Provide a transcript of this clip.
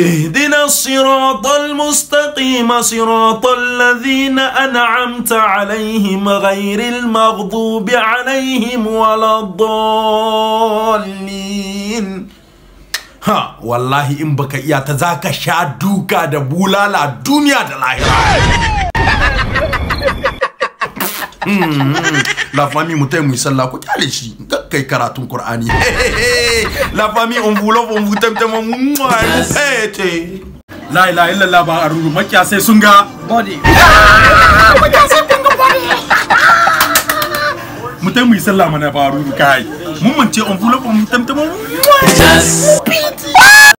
اهدنا الصراط المستقيم صراط الذين أنعمت عليهم غير المغضوب عليهم ولا الضالين ها والله ان بك يا تزاك zaka دبولا لا دنيا bulala Hmm. La famille mutai mu sallah ku kyale shi kai karatun Qur'ani. La famille on vous love on vous t'aime tellement mu pete. La ilaha illallah ba aruru makiya sai sun ga body. Makiya sai kun ga body. Mutai mu sallah mana ba kai. Mun on vous love on vous t'aime tellement